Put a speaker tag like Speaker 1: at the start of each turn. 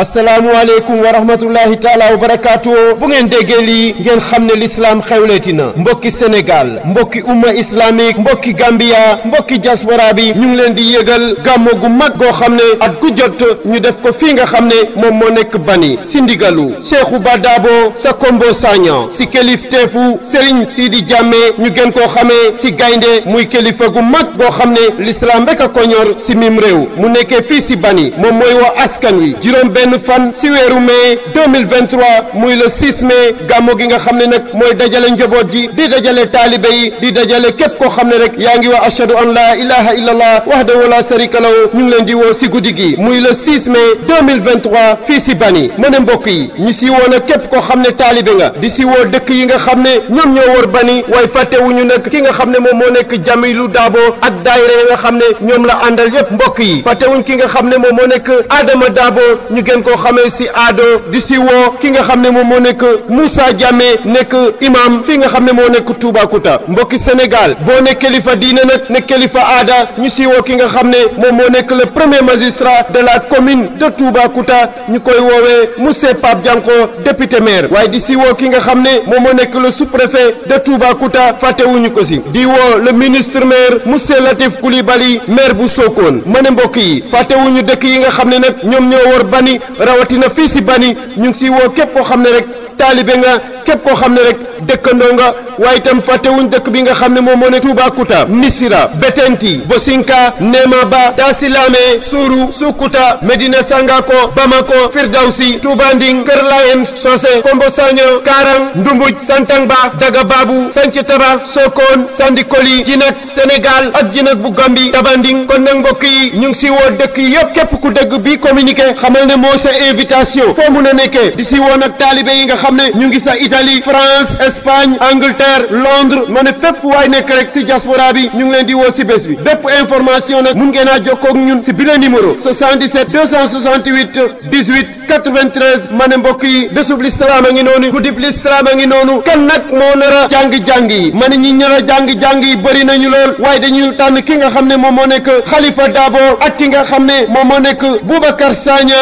Speaker 1: asalaamualeykum wa rahmatullahi taala wa barakaatu bu ngeen déggee lii ngeen xam ne lislaam xewleeti na mbokki sénégal mbokki umma islamique mbokki gambiya mbokki diaspora bi ñu ngi leen di yëgal gàmmo gu mag goo xam ne at gu jot ñu def ko fii nga xam ne moom moo nekk bani si ndigalu Cheikhou Badabo Sakombo Sagna si kelif teefu sii di Diame ñu gën koo xamee si gaynde muy kilifa gu mag goo xam ne lislaam rek a ko si mim réew mu nekkee fii si bani moom mooy wa askan wi benn fan si weeru mai 2023 muy le xam ne nag mooy dajale njaboot ji di dajale taalibe yi di dajale képp koo xam ne rek yaa ngi wax ashhadu an laa ilaha illa allah wahdahu la sharika si guddi gi muy le 6 mai 2023 fii si bani më ne mbokk yi ñu si woo képp koo xam ne taalibe nga di si woo dëkk yi nga xam ne ñoom ñoo wër bani waaye fàttewuñu nag ki nga xam ne moom moo nekk jamilu daabo ak daayira yi nga xam ne ñoom la àndal yépp mbokk yi fàttewuñ ki nga xam ne moom moo nekk adama daabo ñu gën ngeen ko xamee si aado di si woo ki nga xam ne moom moo nekk Moussa Diame nekk imam fi nga xam ne moo nekk Kouta mbokki Sénégal boo ne kilifa diine nag ne kilifa aada ñu si woo ki nga xam ne moom moo nekk le premier magistrat de la commune de Toubacouta ñu koy woowee monsieur Pape Dianko député maire waaye di si woo ki nga xam ne moom moo nekk le sous-préfet de Touba Kouta Toubacouta wuñu ko si di woo le ministre maire monsieur Latif Koulibaly maire bu Sokone ma ne mbokk yi fàttewuñu dëkk yi nga xam ne nag ñoom ñoo war bani rawatina fii si bani ñu ngi siy woo képp koo xam ne rek taalibe nga képp koo xam ne rek dëkkandoo nga waaye itam fàttewuñ dëkk bi nga xam ne moom moo ne Toubacouta Missira Betenti Bosinka ba Tasilaame Suuru Sukuta Medina Sangako Bamako Firdawsi Toubanding Kër Layen Sose Kombosanyo Karang Ndumbuj Santangba Dagababu Sanc Taba Sokone Sandikoli Jinak Sénégal ak jinak bu Gambi Tabanding kon nag mbokk yi ñu ngi si woo dëkk yi yëpp képp ku dëgg bi communiqué xamal ne mooy sa invitation foo mun a nekkee di si woo nag taalibe yi xam ne ñu ngi sax Italie France Espagne Angleterre Londres ma ne fépp waaye nekk rek si diaspora bi ñu ngi leen di woo si bés bi bépp information nag mun ngeen a jokkoo ak ñun si bile numéro 77 268 18 93 ma ne mbokk yi bésub lislaam a ngi noonu guddib lislaam a ngi noonu kan nag moo nar a jàng-jàng yi ma ne ñi nar a jàng-jàng yi bëri nañu lool waaye dañuy tànn ki nga xam ne moom moo nekk Khalifa Dabo ak ki nga xam ne moom moo nekk Boubacar Sagna